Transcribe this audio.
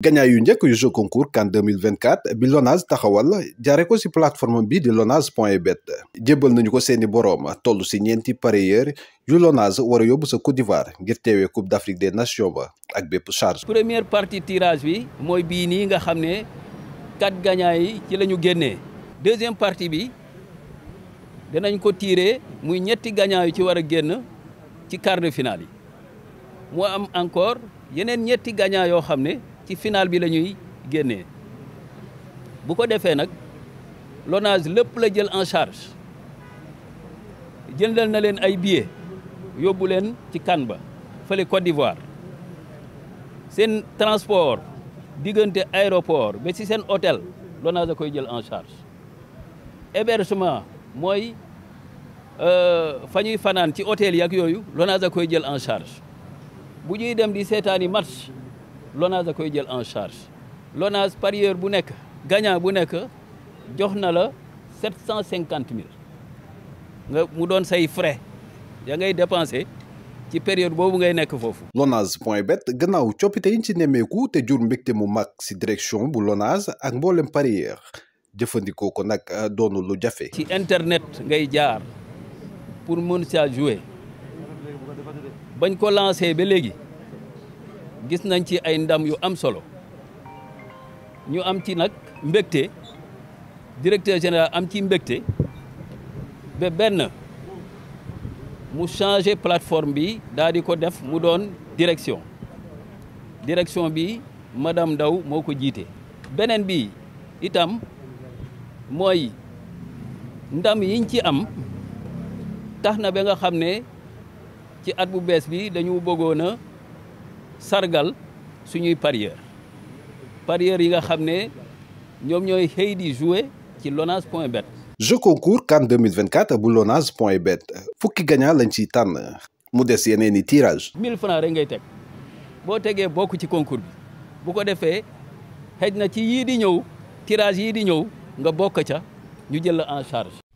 gañaay yu njëkk yu jeu concours CAN 2024 bi Lonase taxawal jaare ko ci plateforme bi di lonase.bet jébbal nañu ko seeni boroom toll ci ñeenti parieur yu Lonase war a yóbbu sa Côte d'Ivoire ngir teewee Coupe d'Afrique des Nations ba ak bépp charge première partie tirage bi mooy bii nii nga xam ne quatre gañaay yi ci lañu génnee deuxième partie bi danañ ko tirer muy ñetti gañaay yu ci war a génn ci quart de finale yi moo am encore yeneen ñetti gañaay yoo xam ne ci final bi la ñuy génnee bu ko defee nag l'ONAS lépp la jël en charge jëndal na leen ay billets yóbbu leen ci CAN ba fële Côte d'Ivoire seen transport diggante aéroport ba ci seen hôtel l'ONAS da koy jël en charge hébergement mooy euh, fa ñuy fanaan ci hôtel yi ak yooyu l'ONAS da koy jël en charge bu ñuy dem di seetaani match LONASE da koy jël en charge LONASE parieur bu nekk gagnant bu nekk jox na la sept cent cinquante mille nga mu doon say frais ya ngay dépenser ci période boobu ngay nekk foofu. LONASE point bet gannaaw coppite yi ci nemmeeku te jur mbégte mu mag si direction bu LONASE ak mboolem parieur jëfandikoo ko nag euh, doonu lu jafe. ci internet ngay jaar pour mën sa jouer bañ ko lancé ba léegi. gis nañ ci ay ndam yu am solo ñu am ci nag mbégte directeur général am ci mbégte ba benn mu changé plateforme bi daal di ko def mu doon direction direction bi madam Ndaw moo ko jiite. beneen bi itam mooy ndam yiñ ci am tax na ba nga xam ne ci at bu bees bi dañu bëggoon a sargal suñuy parieurs parieurs yi nga xam ne ñoom ñooy xëy di jouer ci lonase point bet jeu concours CAN 2024 bu lonase point bet fukki gagnant lañ ciy tànn mu des yeneen i tirage 1000 francs rek ngay teg boo tegee bokk ci concours bi bu ko defee xëj na ci yii di ñëw tirage yii di ñëw nga bokk ca ñu jël la en charge